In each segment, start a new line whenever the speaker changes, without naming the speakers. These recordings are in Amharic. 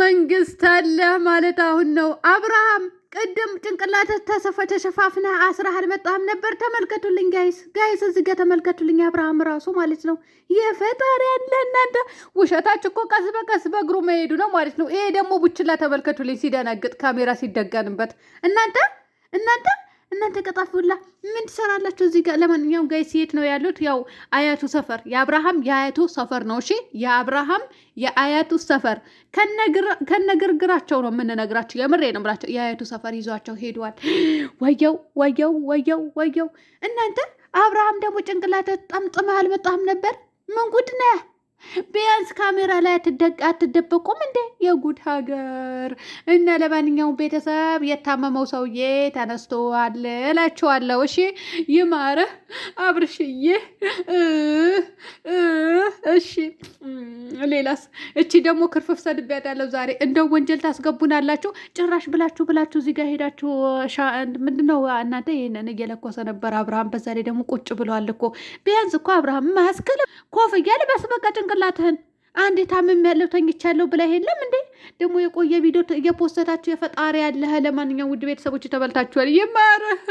መንግስት አለ ማለት አሁን ነው። አብርሃም ቅድም ጭንቅላት ተሰፈ ተሸፋፍነ አስራህ አልመጣም ነበር። ተመልከቱልኝ ጋይስ ጋይስ፣ እዚህ ጋር ተመልከቱልኝ። አብርሃም ራሱ ማለት ነው የፈጣሪ ያለ እናንተ ውሸታች እኮ ቀስ በቀስ በእግሩ መሄዱ ነው ማለት ነው። ይሄ ደግሞ ቡችላ ተመልከቱልኝ፣ ሲደነግጥ ካሜራ ሲደገንበት እናንተ እናንተ እናንተ ቀጣፊውላ ምን ትሰራላችሁ እዚህ ጋር? ለማንኛውም ጋይ ሲሄድ ነው ያሉት። ያው አያቱ ሰፈር የአብርሃም የአያቱ ሰፈር ነው። እሺ የአብርሃም የአያቱ ሰፈር ከነግርግራቸው ነው የምንነግራቸው። የምሬ ነው የአያቱ ሰፈር ይዟቸው ሄደዋል። ወየው ወየው ወየው ወየው! እናንተ አብርሃም ደግሞ ጭንቅላት ጠምጥመህ አልመጣህም ነበር? ምን ጉድ ነህ? ቢያንስ ካሜራ ላይ አትደበቁም እንዴ? የጉድ ሀገር እና ለማንኛውም ቤተሰብ የታመመው ሰውዬ ተነስቶ አለ እላችኋለሁ። እሺ ይማረ አብርሽዬ። እሺ ሌላስ? እቺ ደግሞ ክርፍፍ ሰድቤያታለሁ ዛሬ። እንደው ወንጀል ታስገቡናላችሁ ጭራሽ ብላችሁ ብላችሁ እዚህ ጋር ሄዳችሁ ምንድነው እናንተ ይህንን እየለኮሰ ነበር አብርሃም። በዛ ላይ ደግሞ ቁጭ ብለዋል እኮ ቢያንስ እኮ አብርሃም ማስክል ኮፍያ ልበስ በቃ ጭንቅ ጭንቅላትህን አንድ ታምም ያለው ተኝቻለሁ ብላ የለም እንዴ ደግሞ የቆየ ቪዲዮ እየፖስተታችሁ የፈጣሪ ያለህ። ለማንኛውም ውድ ቤተሰቦች ተበልታችኋል። ይማረህ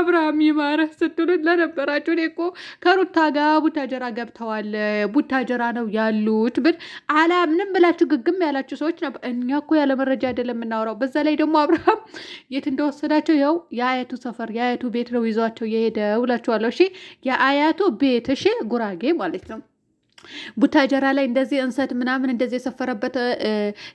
አብርሃም ይማረህ ስትሉ ለነበራችሁ እኔ እኮ ከሩታ ጋር ቡታጀራ ገብተዋል ቡታጀራ ነው ያሉት ብል አላምንም ብላችሁ ግግም ያላችሁ ሰዎች ነበር። እኛ እኮ ያለ መረጃ አይደለም የምናወራው። በዛ ላይ ደግሞ አብርሃም የት እንደወሰዳቸው ያው የአያቱ ሰፈር የአያቱ ቤት ነው ይዟቸው የሄደ ውላችኋለሁ። እሺ የአያቱ ቤት እሺ፣ ጉራጌ ማለት ነው ቡታጀራ ላይ እንደዚህ እንሰት ምናምን እንደዚህ የሰፈረበት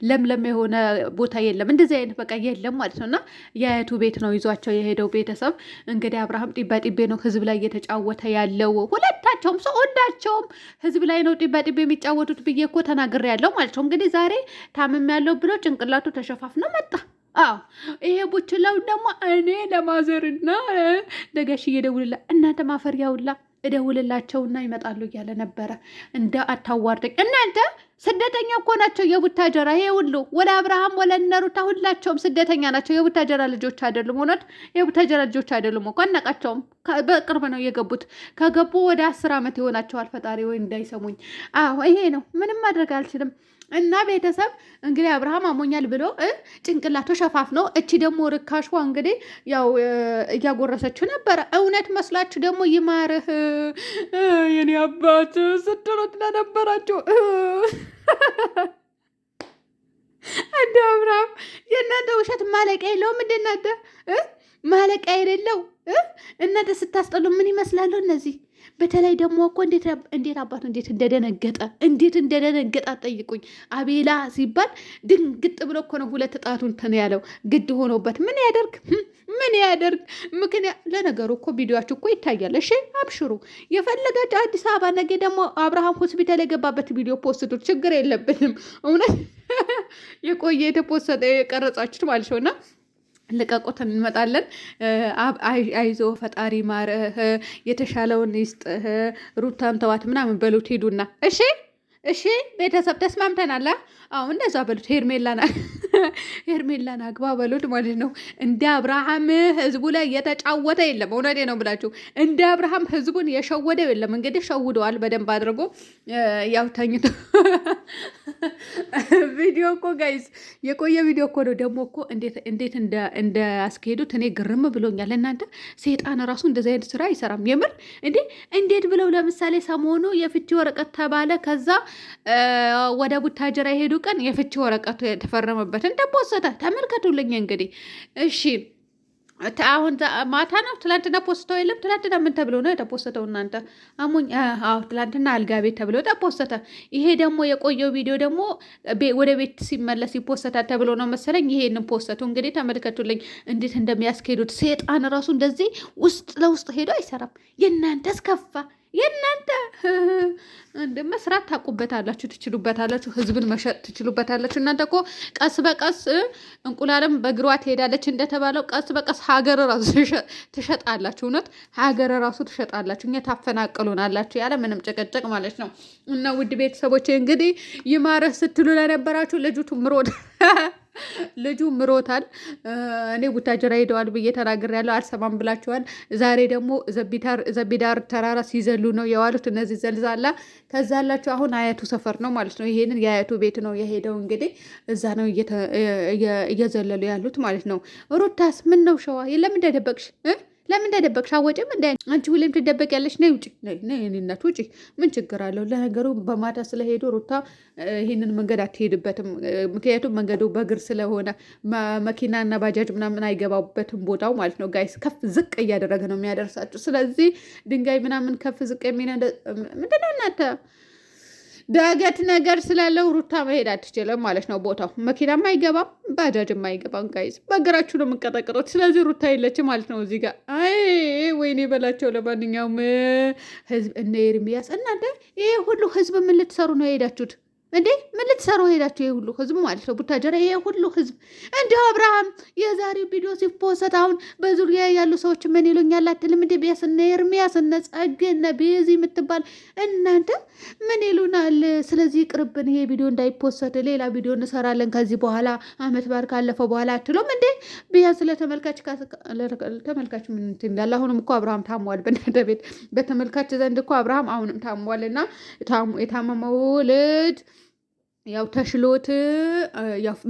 ለምለም የሆነ ቦታ የለም። እንደዚህ አይነት በቃ የለም ማለት ነው። እና የአያቱ ቤት ነው ይዟቸው የሄደው ቤተሰብ እንግዲህ አብርሃም ጢባ ጢቤ ነው ህዝብ ላይ እየተጫወተ ያለው። ሁለታቸውም ሰው ወንዳቸውም ህዝብ ላይ ነው ጢባ ጢቤ የሚጫወቱት ብዬ እኮ ተናግሬ ያለው ማለት ነው። እንግዲህ ዛሬ ታምም ያለው ብሎ ጭንቅላቱ ተሸፋፍኖ መጣ። ይሄ ቡችላው ደግሞ እኔ ለማዘርና ለጋሽ እየደውልላ እናንተ ማፈሪያውላ እደውልላቸውና ይመጣሉ እያለ ነበረ። እንደ አታዋርደኝ እናንተ ስደተኛ እኮ ናቸው የቡታጀራ። ይሄ ሁሉ ወደ አብርሃም ወለ እነሩታ ሁላቸውም ስደተኛ ናቸው። የቡታጀራ ልጆች አይደሉም። እውነት የቡታጀራ ልጆች አይደሉም እኮ አናቃቸውም። በቅርብ ነው የገቡት። ከገቡ ወደ አስር ዓመት ይሆናቸዋል። ፈጣሪ ወይ እንዳይሰሙኝ። አዎ ይሄ ነው። ምንም ማድረግ አልችልም። እና ቤተሰብ እንግዲህ አብርሃም አሞኛል ብሎ ጭንቅላቱ ሸፋፍ ነው። እቺ ደግሞ ርካሿ እንግዲህ ያው እያጎረሰችው ነበረ። እውነት መስላችሁ ደግሞ ይማርህ የኔ አባት ስትሉት ለነበራቸው እንደ አብርሃም የእናንተ ውሸት ማለቂያ የለውም። እንደ እናንተ ማለቂያ የሌለው እናንተ ስታስጠሉ ምን ይመስላሉ እነዚህ። በተለይ ደግሞ እኮ እንዴት አባቱ እንዴት እንደደነገጠ እንዴት እንደደነገጠ ጠይቁኝ አቤላ ሲባል ድንግጥ ብሎ እኮ ነው ሁለት ጣቱን እንትን ያለው ግድ ሆኖበት ምን ያደርግ ምን ያደርግ ምክንያት ለነገሩ እኮ ቪዲዮችሁ እኮ ይታያል። እሺ አብሽሩ የፈለጋችሁ አዲስ አበባ። ነገ ደግሞ አብርሃም ሆስፒታል የገባበት ቪዲዮ ፖስቱት፣ ችግር የለብንም። እውነት የቆየ የተፖሰጠ የቀረጻችሁት ማለት ነው እና ልቀቁት፣ እንመጣለን። አይዞ ፈጣሪ ማረህ፣ የተሻለውን ይስጥህ፣ ሩታን ተዋት ምናምን በሉት ሂዱና እሺ። እሺ ቤተሰብ ተስማምተናል። አዎ እንደዛ በሉት። ሄርሜላና ሄርሜላን አግባ በሉት ማለት ነው። እንደ አብርሃም ህዝቡ ላይ የተጫወተ የለም። እውነቴ ነው ብላችሁ እንደ አብርሃም ህዝቡን የሸወደው የለም። እንግዲህ ሸውደዋል በደንብ አድርጎ ያው ተኝቶ ቪዲዮ እኮ ጋይስ የቆየ ቪዲዮ እኮ ነው። ደግሞ እኮ እንዴት እንዳስኬዱት እኔ ግርም ብሎኛል። እናንተ ሴጣን ራሱ እንደዚህ አይነት ስራ አይሰራም። የምር እንዴ! እንዴት ብለው ለምሳሌ ሰሞኑ የፍቺ ወረቀት ተባለ። ከዛ ወደ ቡታጀራ የሄዱ ቀን የፍቺ ወረቀቱ የተፈረመበትን ደቦሰተ ተመልከቱልኝ። እንግዲህ እሺ አሁን ማታ ነው። ትላንትና ፖስተው የለም። ትላንትና ምን ተብሎ ነው የተፖስተው? እናንተ አሞኝ። አዎ ትላንትና አልጋ ቤት ተብሎ ተፖስተ። ይሄ ደግሞ የቆየው ቪዲዮ ደግሞ ወደ ቤት ሲመለስ ይፖስተታል ተብሎ ነው መሰለኝ። ይሄንን ፖስተቱ እንግዲህ ተመልከቱልኝ፣ እንዴት እንደሚያስኬዱት። ሴጣን ራሱ እንደዚህ ውስጥ ለውስጥ ሄዶ አይሰራም። የእናንተስ ከፋ የእናንተ መስራት ታውቁበታላችሁ፣ ትችሉበታላችሁ፣ ህዝብን መሸጥ ትችሉበታላችሁ። እናንተ እኮ ቀስ በቀስ እንቁላልም በእግሯ ትሄዳለች እንደተባለው ቀስ በቀስ ሀገር ራሱ ትሸጣላችሁ። እውነት ሀገር ራሱ ትሸጣላችሁ። እኛ ታፈናቅሉናላችሁ ያለ ምንም ጭቅጭቅ ማለት ነው። እና ውድ ቤተሰቦቼ እንግዲህ ይማረህ ስትሉ ለነበራችሁ ልጁ ትምሮድ ልጁ ምሮታል። እኔ ቡታጀራ ሄደዋል ብዬ ተናግር ያለው አልሰማም ብላችኋል። ዛሬ ደግሞ ዘቢዳር ተራራ ሲዘሉ ነው የዋሉት እነዚህ ዘልዛላ። ከዛ ያላቸው አሁን አያቱ ሰፈር ነው ማለት ነው። ይሄንን የአያቱ ቤት ነው የሄደው እንግዲህ እዛ ነው እየዘለሉ ያሉት ማለት ነው። ሩታስ ምን ነው ሸዋ ለምን ደደበቅሽ? ለምን እንደደበቅሽ አወጭም እንደ አንቺ ሁሌም ትደበቂያለሽ። ነይ ውጪ፣ ነይ እኔነት ውጪ። ምን ችግር አለው? ለነገሩ በማታ ስለሄዱ ሩታ ይህንን መንገድ አትሄድበትም። ምክንያቱም መንገዱ በእግር ስለሆነ መኪናና ባጃጅ ምናምን አይገባበትም ቦታው ማለት ነው። ጋይስ ከፍ ዝቅ እያደረገ ነው የሚያደርሳቸው። ስለዚህ ድንጋይ ምናምን ከፍ ዝቅ የሚነ ምንድነው ነው እናንተ ዳገት ነገር ስላለው ሩታ መሄድ አትችልም ማለት ነው። ቦታው መኪናም አይገባም፣ ባጃጅም አይገባም። ጋይዝ በእግራችሁ ነው የምንቀጠቅጦት። ስለዚህ ሩታ የለች ማለት ነው እዚህ ጋር። አይ ወይኔ በላቸው። ለማንኛውም ህዝብ እነ ኤርሚያስ እናንተ ይሄ ሁሉ ህዝብ ምን ልትሰሩ ነው የሄዳችሁት? እንዴ ምን ልትሰሩ ሄዳችሁ? ይሄ ሁሉ ህዝብ ማለት ነው ቡታጀራ፣ ይሄ ሁሉ ህዝብ እንዲሁ አብርሃም የዛሬው ቪዲዮ ሲፖሰት አሁን በዙሪያ ያሉ ሰዎች ምን ይሉኛል አትልም እንዴ? ቢያስ እነ ኤርሚያስ እነ ጸጌ እነ ቤዚ የምትባል እናንተ ምን ይሉናል? ስለዚህ ቅርብን ይሄ ቪዲዮ እንዳይፖሰት ሌላ ቪዲዮ እንሰራለን ከዚህ በኋላ አመት ባር ካለፈ በኋላ አትሎም እንዴ? ቢያንስ ለተመልካች ተመልካች ምን እንዳለ አሁንም እኮ አብርሃም ታሟል። በእናንተ ቤት በተመልካች ዘንድ እኮ አብርሃም አሁንም ታሟል እና የታመመው ልጅ ያው ተሽሎት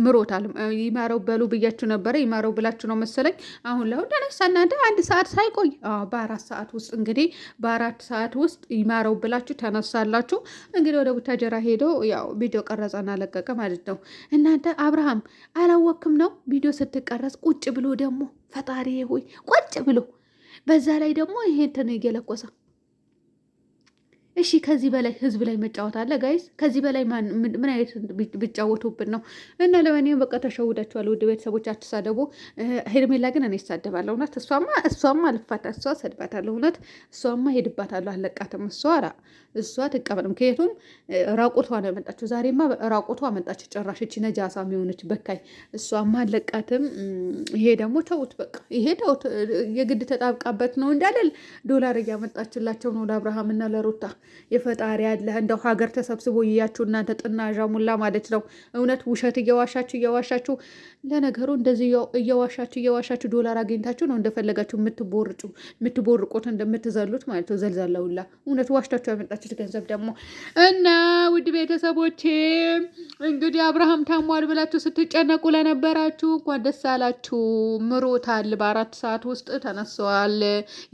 ምሮታል። ይማረው በሉ ብያችሁ ነበረ። ይማረው ብላችሁ ነው መሰለኝ። አሁን ላይ ተነሳ እናንተ አንድ ሰዓት ሳይቆይ በአራት ሰዓት ውስጥ እንግዲህ በአራት ሰዓት ውስጥ ይማረው ብላችሁ ተነሳላችሁ። እንግዲህ ወደ ቡታጀራ ሄዶ ያው ቪዲዮ ቀረጸና ለቀቀ ማለት ነው። እናንተ አብርሃም አላወክም ነው ቪዲዮ ስትቀረጽ ቁጭ ብሎ ደግሞ ፈጣሪ ሆይ ቁጭ ብሎ በዛ ላይ ደግሞ ይሄ እንትን እየለኮሰ እሺ ከዚህ በላይ ህዝብ ላይ መጫወት አለ ጋይስ? ከዚህ በላይ ምን አይነት ቢጫወቱብን ነው? እና ለማንኛውም በቃ ተሸውዳችኋል። ውድ ቤተሰቦች አትሳደቡ። ሄርሜላ ግን እኔ ይሳደባለሁ። እውነት እሷማ እሷማ ልፋታ እሷ ሰድባታለሁ። እውነት እሷማ ሄድባታለሁ። አለቃትም እሷ ራ እሷ ትቀበል። ምክንያቱም ራቁቷ ነው የመጣችው። ዛሬማ ራቁቷ መጣች። ጭራሽ እቺ ነጃሳ የሆነች በካይ እሷማ አለቃትም። ይሄ ደግሞ ተውት፣ በቃ ይሄ ተውት። የግድ ተጣብቃበት ነው እንዳለል ዶላር እያመጣችላቸው ነው ለአብርሃም ለአብርሃምና ለሩታ የፈጣሪ ያለ እንደው ሀገር ተሰብስቦ እያችሁ እናንተ ጥና ዣሙላ ማለት ነው። እውነት ውሸት እየዋሻችሁ እየዋሻችሁ ለነገሩ እንደዚህ እየዋሻችሁ እየዋሻችሁ ዶላር አግኝታችሁ ነው እንደፈለጋችሁ የምትቦርጩ የምትቦርቁት እንደምትዘሉት ማለት ነው። ዘልዛለውላ እውነት ዋሽታችሁ ያመጣችሁት ገንዘብ ደግሞ እና ውድ ቤተሰቦቼ እንግዲህ አብርሃም ታሟል ብላችሁ ስትጨነቁ ለነበራችሁ እንኳን ደስ አላችሁ። ምሮታል። በአራት ሰዓት ውስጥ ተነስተዋል።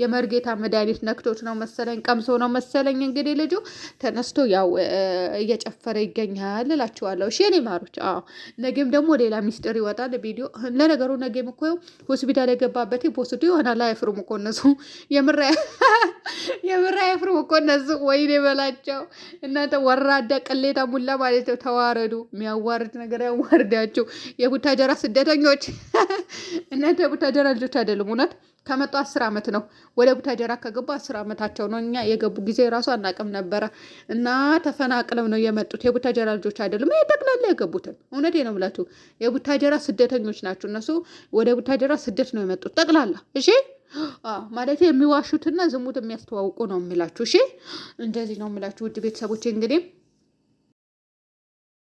የመርጌታ መድኃኒት ነክቶት ነው መሰለኝ ቀምሶ ነው መሰለኝ እንግዲህ እንግዲህ ልጁ ተነስቶ ያው እየጨፈረ ይገኛል እላችኋለሁ። እሺ የኔ ማሮች፣ አዎ ነገም ደግሞ ሌላ ሚስጥር ይወጣል ቪዲዮ። ለነገሩ ነገም እኮ ሆስፒታል የገባበት ፖስቱ ይሆናል። አያፍሩም እኮ እነሱ የምራ አያፍሩም እኮ እነሱ። ወይኔ በላቸው እናንተ ወራዳ ቅሌታ ሙላ ማለት ነው። ተዋረዱ። የሚያዋርድ ነገር ያዋርዳችሁ የቡታጀራ ስደተኞች እናንተ የቡታጀራ ልጆች አይደሉም እውነት ከመጡ አስር ዓመት ነው። ወደ ቡታጀራ ከገቡ አስር ዓመታቸው ነው። እኛ የገቡ ጊዜ ራሱ አናቅም ነበረ እና ተፈናቅለው ነው የመጡት። የቡታጀራ ልጆች አይደሉም። ይህ ጠቅላላ የገቡትን እውነቴ ነው የምላችሁ የቡታጀራ ስደተኞች ናቸው እነሱ። ወደ ቡታጀራ ስደት ነው የመጡት ጠቅላላ። እሺ ማለት የሚዋሹትና ዝሙት የሚያስተዋውቁ ነው የሚላችሁ። እሺ እንደዚህ ነው የሚላችሁ ውድ ቤተሰቦች እንግዲህ